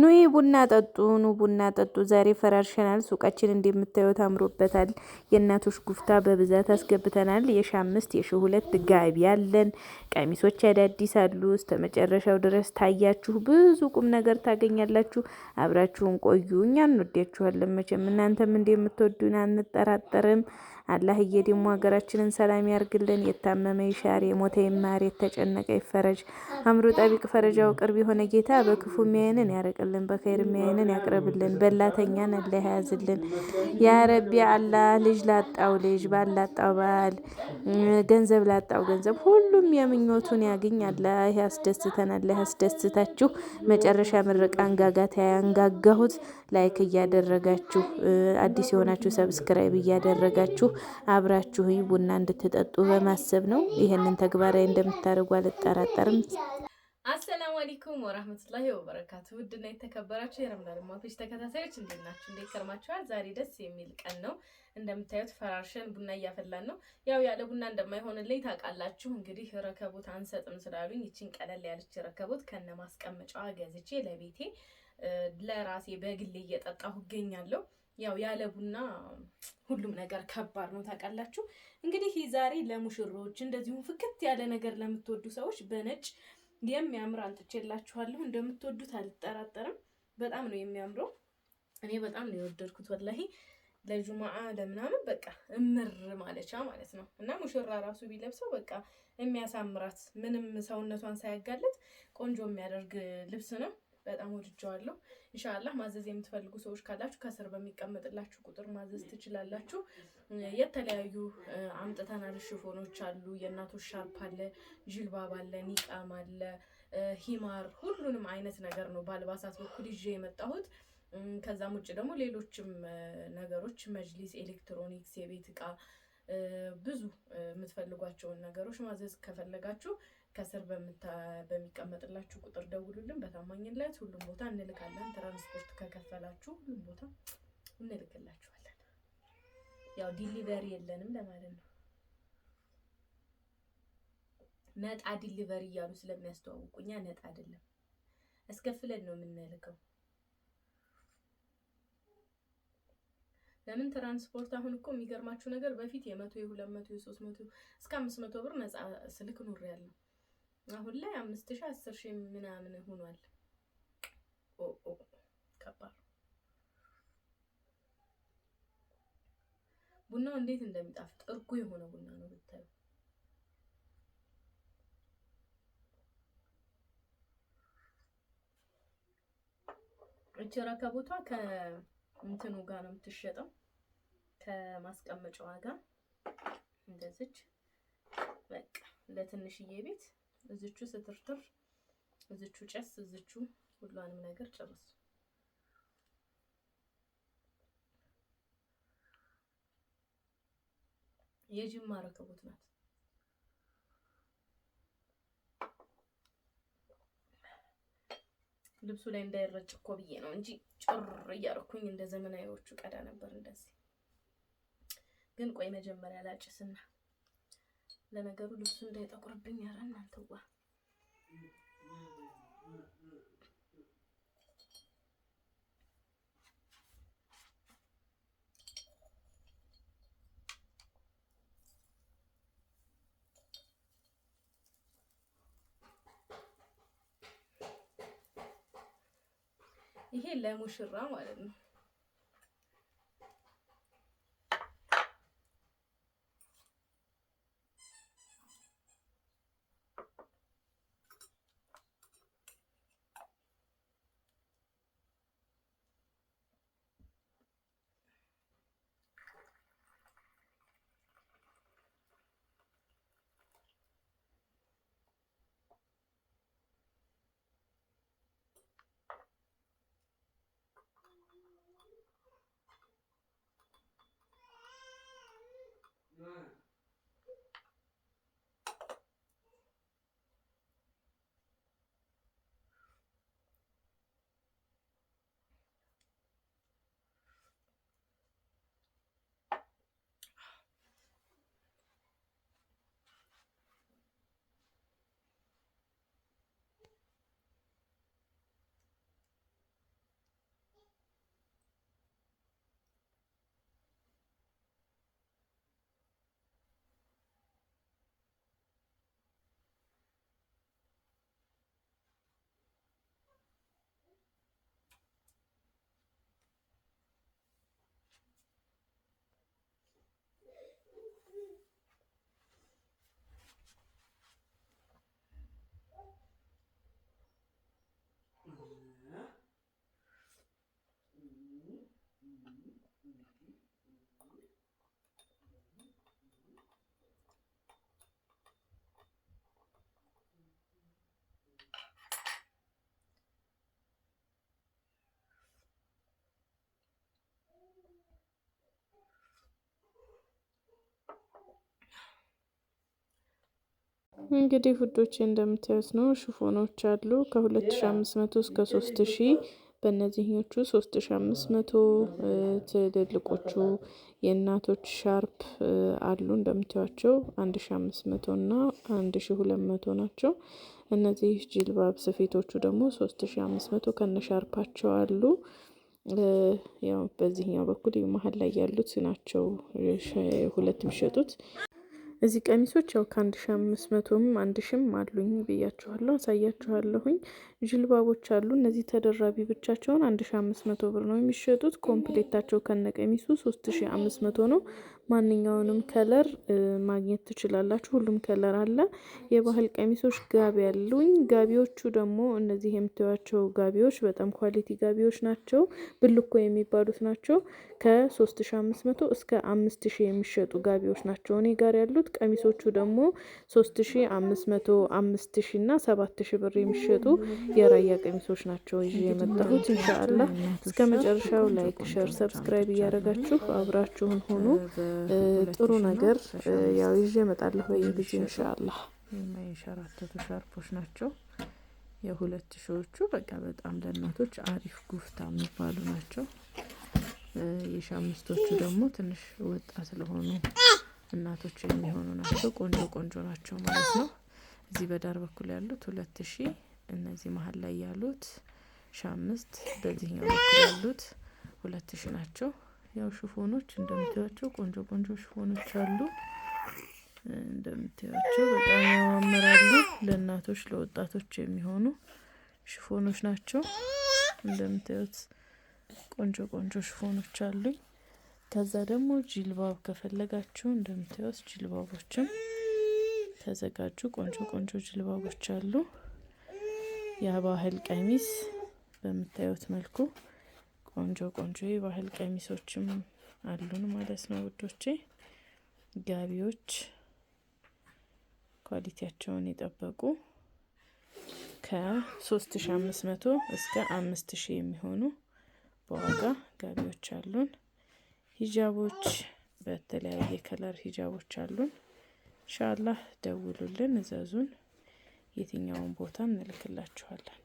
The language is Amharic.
ኑ ቡና ጠጡ፣ ኑ ቡና ጠጡ። ዛሬ ፈራርሸናል። ሱቃችን እንደምታዩት አምሮበታል። የእናቶች ጉፍታ በብዛት አስገብተናል። የሺ አምስት የሺ ሁለት ጋቢ ያለን ቀሚሶች አዳዲስ አሉ። እስከ መጨረሻው ድረስ ታያችሁ፣ ብዙ ቁም ነገር ታገኛላችሁ። አብራችሁን ቆዩ። እኛ እንወዳችኋለን። መቼም እናንተም እንደምትወዱን አንጠራጠርም። አላህዬ ደግሞ ሀገራችንን ሰላም ያርግልን። የታመመ ይሻር፣ የሞተ ይማር፣ የተጨነቀ ይፈረጅ። አምሮ ጠቢቅ ፈረጃው ቅርብ የሆነ ጌታ በክፉ ሚያይንን ያርቅልን፣ በኸይር ሚያይንን ያቅርብልን። በላተኛን አለ ያያዝልን። ያ አላህ ልጅ ላጣው ልጅ፣ ባል ላጣው ባል፣ ገንዘብ ላጣው ገንዘብ፣ ሁሉም የምኞቱን ያግኝ። አላህ ያስደስተን፣ አላህ ያስደስታችሁ። መጨረሻ ምረቃ አንጋጋት ያንጋጋሁት ላይክ እያደረጋችሁ አዲስ የሆናችሁ ሰብስክራይብ እያደረጋችሁ አብራችሁ ቡና እንድትጠጡ በማሰብ ነው። ይህንን ተግባራዊ እንደምታደርጉ አልጠራጠርም። አሰላሙ አለይኩም ወራህመቱላሂ ወበረካቱ። ውድና የተከበራችሁ የረምዳን ማቶች ተከታታዮች እንዴት ናችሁ? እንዴት ከርማችኋል? ዛሬ ደስ የሚል ቀን ነው። እንደምታዩት ፈራርሸን ቡና እያፈላን ነው። ያው ያለ ቡና እንደማይሆንልኝ ታውቃላችሁ። እንግዲህ ረከቦት አንሰጥም ስላሉኝ ይችን ቀለል ያለች ረከቦት ከነ ማስቀመጫዋ ገዝቼ ለቤቴ ለራሴ በግሌ እየጠጣሁ እገኛለሁ። ያው ያለ ቡና ሁሉም ነገር ከባድ ነው ታውቃላችሁ። እንግዲህ ዛሬ ለሙሽሮች እንደዚሁም ፍክት ያለ ነገር ለምትወዱ ሰዎች በነጭ የሚያምር አንጥቼላችኋለሁ። እንደምትወዱት አልጠራጠርም። በጣም ነው የሚያምረው። እኔ በጣም ነው የወደድኩት ወላሂ ለጁማአ ለምናምን በቃ እምር ማለቻ ማለት ነው። እና ሙሽራ ራሱ ቢለብሰው በቃ የሚያሳምራት ምንም ሰውነቷን ሳያጋለጥ ቆንጆ የሚያደርግ ልብስ ነው። በጣም ወድጀዋለሁ። እንሻላ ማዘዝ የምትፈልጉ ሰዎች ካላችሁ ከስር በሚቀመጥላችሁ ቁጥር ማዘዝ ትችላላችሁ። የተለያዩ አምጥተናል። ሽፎኖች አሉ፣ የእናቶች ሻርፕ አለ፣ ጅልባብ አለ፣ ኒቃም አለ፣ ሂማር ሁሉንም አይነት ነገር ነው በአልባሳት በኩል ይዤ የመጣሁት። ከዛም ውጭ ደግሞ ሌሎችም ነገሮች መጅሊስ፣ ኤሌክትሮኒክስ፣ የቤት እቃ ብዙ የምትፈልጓቸውን ነገሮች ማዘዝ ከፈለጋችሁ ከስር በሚቀመጥላችሁ ቁጥር ደውሉልን። በታማኝነት ሁሉም ቦታ እንልካለን። ትራንስፖርት ከከፈላችሁ ሁሉም ቦታ እንልክላችኋለን። ያው ዲሊቨሪ የለንም ለማለት ነው። ነጣ ዲሊቨሪ እያሉ ስለሚያስተዋውቁኛ ነጣ አይደለም፣ አስከፍለን ነው የምንልከው። ለምን ትራንስፖርት አሁን እኮ የሚገርማችሁ ነገር በፊት የመቶ የሁለት መቶ የሶስት መቶ እስከ አምስት መቶ ብር ነፃ ስልክ ኑር ያለው አሁን ላይ አምስት ሺ አስር ሺ ምናምን ሆኗል። ከባድ ቡናው እንዴት እንደሚጣፍጥ እርጎ የሆነ ቡና ነው ብታዩ። እች ረከቦቷ ከ እንትኑ ጋር ነው የምትሸጠው ከማስቀመጫዋ ጋር እንደዚች በቃ ለትንሽዬ ቤት እዝቹ ስትርትር እዝቹ ጨስ እዝቹ ሁሏንም ነገር ጨርሱ። የጅማ ረከቦት ናት። ልብሱ ላይ እንዳይረጭ እኮ ብዬ ነው እንጂ ጭር እያርኩኝ እንደ ዘመናዊዎቹ ቀዳ ነበር። እንደዚህ ግን ቆይ መጀመሪያ ላጭስና፣ ለነገሩ ልብሱ እንዳይጠቁርብኝ። ኧረ እናንተዋ ይሄ ለሙሽራ ማለት ነው። እንግዲህ ውዶቼ እንደምታዩት ነው። ሽፎኖች አሉ ከ2500 እስከ 3000 በእነዚህኞቹ 3500 ትልልቆቹ የእናቶች ሻርፕ አሉ እንደምታዩቸው 1500 እና 1200 ናቸው። እነዚህ ጅልባብ ስፌቶቹ ደግሞ 3500 ከነሻርፓቸው አሉ። ያው በዚህኛው በኩል መሀል ላይ ያሉት ናቸው ሁለት የሚሸጡት እዚህ ቀሚሶች ያው ከአንድ ሺ አምስት መቶም አንድ ሺም አሉኝ ብያችኋለሁ፣ አሳያችኋለሁኝ። ጅልባቦች አሉ እነዚህ ተደራቢ ብቻቸውን አንድ ሺ አምስት መቶ ብር ነው የሚሸጡት። ኮምፕሌታቸው ከነቀሚሱ ሶስት ሺ አምስት መቶ ነው። ማንኛውንም ከለር ማግኘት ትችላላችሁ። ሁሉም ከለር አለ። የባህል ቀሚሶች ጋቢ ያሉኝ። ጋቢዎቹ ደግሞ እነዚህ የምታዩቸው ጋቢዎች በጣም ኳሊቲ ጋቢዎች ናቸው። ብልኮ የሚባሉት ናቸው። ከ3500 እስከ 5000 የሚሸጡ ጋቢዎች ናቸው እኔ ጋር ያሉት። ቀሚሶቹ ደግሞ 3500፣ 5000 እና 7000 ብር የሚሸጡ የራያ ቀሚሶች ናቸው ይዤ የመጣሁት። ኢንሻአላህ እስከ መጨረሻው ላይክ፣ ሸር፣ ሰብስክራይብ እያደረጋችሁ አብራችሁን ሆኑ። ጥሩ ነገር ያው ይዤ እመጣለሁ በየጊዜው ኢንሻአላህ። የማይንሸራተቱ ሻርፖች ናቸው። የሁለት ሺዎቹ በቃ በጣም ለእናቶች አሪፍ ጉፍታ የሚባሉ ናቸው። የሺ አምስቶቹ ደግሞ ትንሽ ወጣት ለሆኑ እናቶች የሚሆኑ ናቸው። ቆንጆ ቆንጆ ናቸው ማለት ነው። እዚህ በዳር በኩል ያሉት ሁለት ሺ እነዚህ መሀል ላይ ያሉት ሺ አምስት በዚህኛው በኩል ያሉት ሁለት ሺ ናቸው። ያው ሽፎኖች እንደምታያቸው ቆንጆ ቆንጆ ሽፎኖች አሉ። እንደምታያቸው በጣም ያማምራሉ። ለእናቶች ለወጣቶች የሚሆኑ ሽፎኖች ናቸው። እንደምታዩት ቆንጆ ቆንጆ ሽፎኖች አሉኝ። ከዛ ደግሞ ጅልባብ ከፈለጋችሁ እንደምታዩት ጅልባቦችም ተዘጋጁ። ቆንጆ ቆንጆ ጅልባቦች አሉ። የባህል ቀሚስ በምታዩት መልኩ ቆንጆ ቆንጆ የባህል ቀሚሶችም አሉን ማለት ነው ውዶቼ። ጋቢዎች ኳሊቲያቸውን የጠበቁ ከሶስት ሺ አምስት መቶ እስከ አምስት ሺ የሚሆኑ በዋጋ ጋቢዎች አሉን። ሂጃቦች በተለያየ ከለር ሂጃቦች አሉን። ኢንሻአላህ ደውሉልን፣ እዘዙን። የትኛውን ቦታ እንልክላችኋለን።